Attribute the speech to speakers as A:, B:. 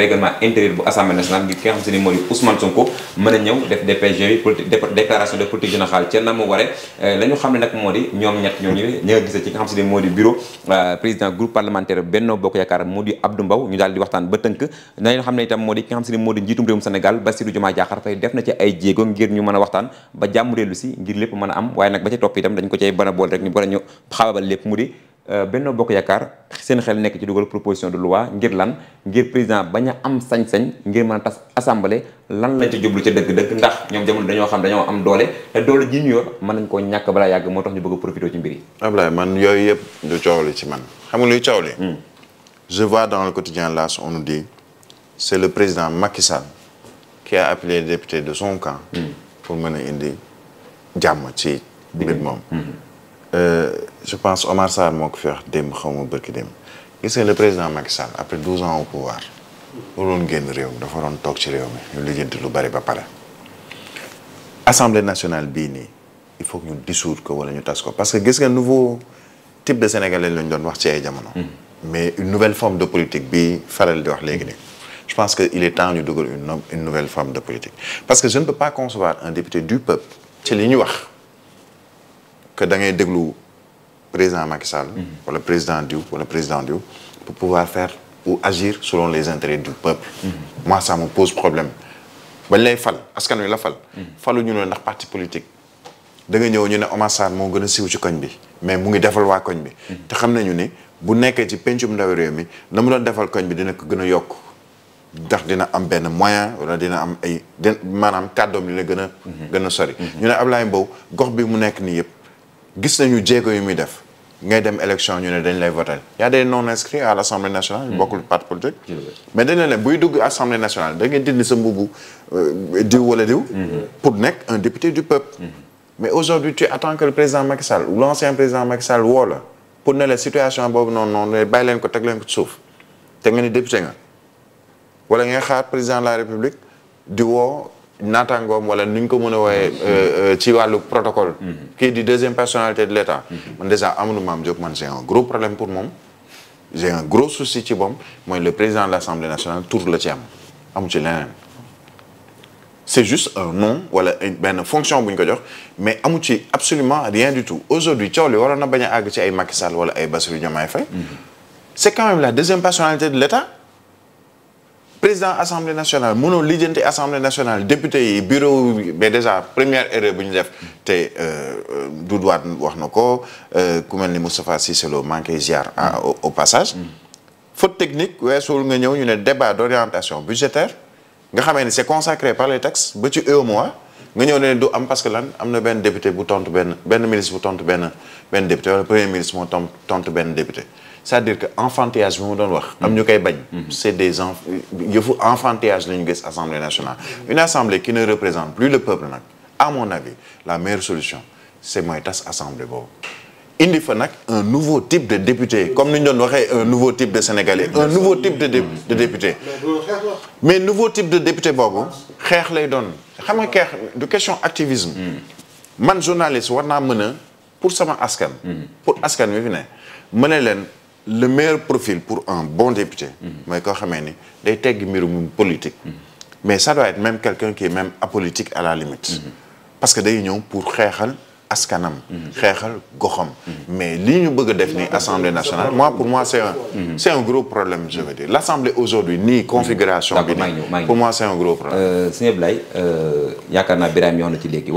A: règlement intérieur bu assemblée nationale ngir ki nga xam se ni moo di Ousmane Sonko mën a ñëw def DPG bi politique de politique générale ca na mu waree euh, la xam ne nag moo di ñoom ñett euh, ñu nga waxtaan ba tënk nañu xam ne itam moo di ki xam se ni moo di njiitum réewum Sénégal Bassirou Diomaye Diakhar Faye def na ci ay jéego ngir ñu mën a waxtaan ba jàmm dellu si ngir lépp mën a am waaye nag ba ca topp itam dañ ko cay bana rek ñu bana ñu xaabal lépp Euh, Benno Bokk Yaakaar seen xel nekk ci dugal proposition de loi ngir lan ngir président bañ am sañ-sañ ngir man a tas assemblée lan lañ ci jublu ca dëgg-dëgg ndax ñoom jamono dañoo xam dañoo am doole te doole ji ñu yor mën nañ koo ñàkk balaa yàgg moo tax ñu bëgg a profité ci mbir yi.
B: Ablaye man yooyu yëpp du coow li ci man xam nga luy coow li. Hmm. je vois dans le quotidien L'As on nous dit c'est le président Macky Sall qui a appelé de son camp. Hmm. pour mën a indi jàmm ci hmm. mbir moom. Euh, je pense Omar Sarr moo ko fi wax démb xaw ma bërki démb gis nga le président Macky Sall après douze ans au pouvoir waroon génn réew mi dafa waroon toog ci réew mi ñu lijjanti lu bari ba pare assemblée nationale bii nii il faut que ñu dissoudre ko wala ñu tas ko parce que gis nga nouveau type de sénégalais lañ doon wax ci ay jamono hmm. mais une nouvelle forme de politique bi faral di wax léegi nii je pense que il est temps ñu dugal une une nouvelle forme de politique parce que je ne peux pas du peuple ci li ñu wax da ngay déglu président Macky Sall. Mhm. wala président diw wala président diw pour pouvoir faire ou agir selon les intérêts du peuple. Mhm. moi ça me pose problème. bañ lay fal askan wi la fal. Mhm. ñu la ndax parti politique. da nga ñëw ñu ne Omar Sarr moo gën a siiw ci koñ bi mais mu ngi defal waa koñ bi. te xam nañu ni bu nekkee ci pencum ndawi réew mi na mu doon defal koñ bi dina ko gën a yokk ndax dina am benn moyen wala dina am ay den maanaam kàddoom li la gën a. gën sori. ñu ne Ablaye Mbow gox bi mu nekk nii yëpp gis nañu jéego yu muy def. ngay dem élection ñu ne dañ lay voter y a non inscrits à l'Assemblée nationale. Hmm. bokkul parti politique. mais dañ ne buy dugg Assemblée nationale da ngay dindi sa mbubu euh, diw wala diw. Hmm. pour nekk un député du peuple. Hmm. mais aujourd'hui tu attends que le président Macky Sall ou l'ancien président Macky Sall woo la pour ne la situation boobu noonu noonu bàyyi leen ko teg leen ko suuf te nga ni député nga wala ngay xaar président de la République di woo. naataangoom walla nu ñu ko mën a wooyee mm-hmm. euh, euh, ci wàllu protocole. Mm-hmm. kii di deuxième personnalité de l' état. Mm-hmm. man déjà Amadou Mame Diop man j'ai un gros problème pour moom. j'ai un gros ci moom mooy le président de l' tour la ci am amu ci leneen. c' est juste un nom wala benn fonction bu ñu ko jox mais amu ci absolument rien du tout aujourd'hui coow li waroon na bañ a àgg ci ay Macky Sall wala ay Bassirou Diomaye Faye. c' est quand même la deuxième personnalité de l' président assemblée nationale mënoo lijjanti assemblée nationale député yi bureau mais déjà première erreur bu ñu def te euh, Doudou Wade wax na ko euh, ku mel ni Moustapha Cissé Lo manqué ziar ah, au passage mm. faute technique weesuwul nga ñëw ñu ne débat d'orientation budgétaire nga xamee ne c'est consacré par les textes ba ci moi nga ñëw ne du am parce que lan am na benn député bu tontu benn benn ministre bu tontu benn benn député wala premier ministre moo tontu benn député c'est-à-dire que enfantillage bi mu doon wax. am ñu koy bañ. Mhm. c'est des enf yëfu enfantillage la ñu gis assemblée nationale. une assemblée qui ne représente plus le peuple nag à mon avis la meilleure solution c'est mooy tas assemblée boobu. indi fa nag un nouveau type de député comme ni ñu doon waxee un nouveau type de sénégalais un nouveau type de de député mais nouveau type de député boobu xeex lay doon xam nga xeex du question activisme mhm. man journaliste war naa mën a pour sama askan mhm. pour askan wi fi ne mën leen le meilleur profil pour un bon député. mais koo xamee ni day tegg mbirum politique. mais ça doit être même quelqu'un qui est même apolitique à la parce que day ñëw pour xeexal askanam. xeexal goxam. mais li ñu bëgg a def ni assemblée nationale moi pour moi c'est un. c'est un gros problème je veux dire l'assemblée aujourd'hui nii configuration
A: bi. pour moi c'est un gros problème. Euh, sëñ Ablaye euh, yaakaar naa Birame yoon na ci léegi.